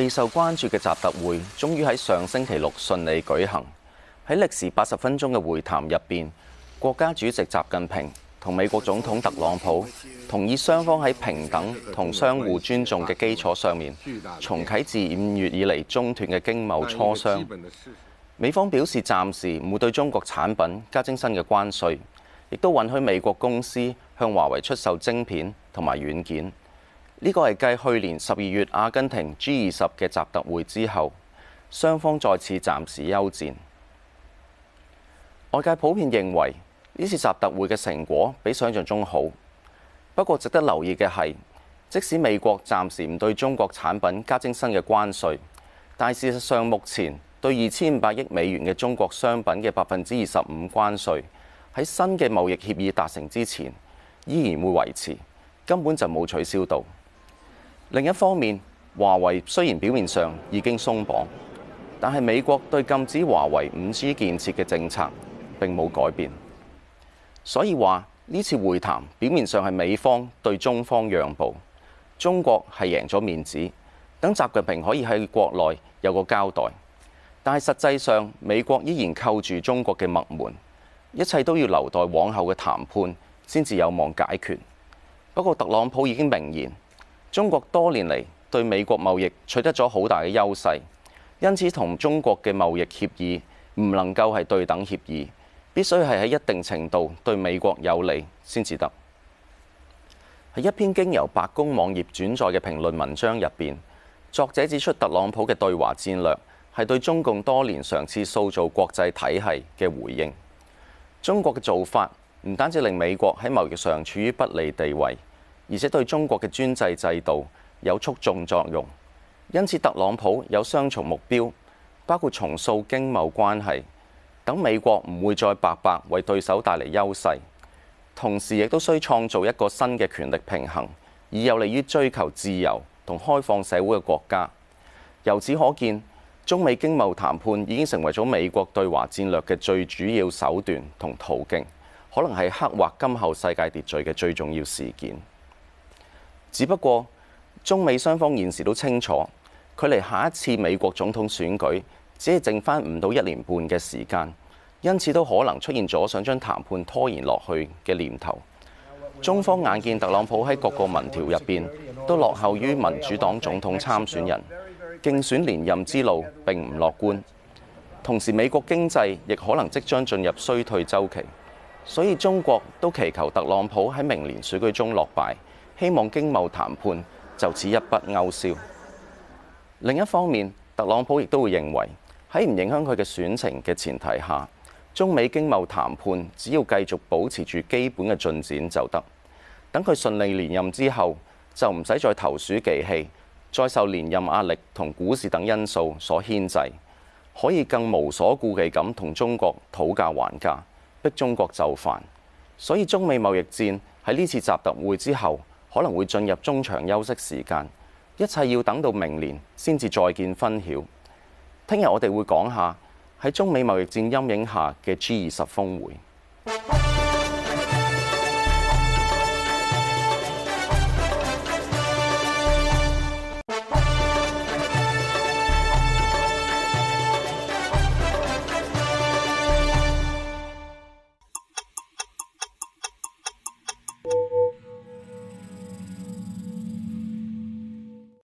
備受關注嘅習特會終於喺上星期六順利舉行。喺歷時八十分鐘嘅會談入邊，國家主席習近平同美國總統特朗普同意雙方喺平等同相互尊重嘅基礎上面重啟自五月以嚟中斷嘅經貿磋商。美方表示暫時唔會對中國產品加徵新嘅關稅，亦都允許美國公司向華為出售晶片同埋軟件。呢個係繼去年十二月阿根廷 G 二十嘅習特會之後，雙方再次暫時休戰。外界普遍認為呢次習特會嘅成果比想象中好。不過，值得留意嘅係，即使美國暫時唔對中國產品加徵新嘅關稅，但事實上目前對二千五百億美元嘅中國商品嘅百分之二十五關稅喺新嘅貿易協議達成之前，依然會維持，根本就冇取消到。另一方面，華為雖然表面上已經鬆綁，但係美國對禁止華為五 G 建設嘅政策並冇改變，所以話呢次會談表面上係美方對中方讓步，中國係贏咗面子，等習近平可以喺國內有個交代。但係實際上，美國依然扣住中國嘅脈門，一切都要留待往後嘅談判先至有望解決。不過，特朗普已經明言。中國多年嚟對美國貿易取得咗好大嘅優勢，因此同中國嘅貿易協議唔能夠係對等協議，必須係喺一定程度對美國有利先至得。喺一篇經由白宮網頁轉載嘅評論文章入邊，作者指出特朗普嘅對華戰略係對中共多年嘗試塑造國際體系嘅回應。中國嘅做法唔單止令美國喺貿易上處於不利地位。而且對中國嘅專制制度有促進作用，因此特朗普有雙重目標，包括重塑經貿關係等，美國唔會再白白為對手帶嚟優勢，同時亦都需創造一個新嘅權力平衡，以有利於追求自由同開放社會嘅國家。由此可見，中美經貿談判已經成為咗美國對華戰略嘅最主要手段同途徑，可能係刻畫今後世界秩序嘅最重要事件。只不過中美雙方現時都清楚，距離下一次美國總統選舉只係剩返唔到一年半嘅時間，因此都可能出現咗想將談判拖延落去嘅念頭。Now, 中方眼見特朗普喺各個民調入邊都落後於民主黨總統參選人，競選連任之路並唔樂觀。同時美國經濟亦可能即將進入衰退週期，所以中國都祈求特朗普喺明年選舉中落敗。希望經貿談判就此一筆勾銷。另一方面，特朗普亦都會認為喺唔影響佢嘅選情嘅前提下，中美經貿談判只要繼續保持住基本嘅進展就得。等佢順利連任之後，就唔使再投鼠忌器，再受連任壓力同股市等因素所牽制，可以更無所顧忌咁同中國討價還價，逼中國就範。所以中美貿易戰喺呢次習特會之後，可能會進入中場休息時間，一切要等到明年先至再見分曉。聽日我哋會講下喺中美貿易戰陰影下嘅 G 二十峰會。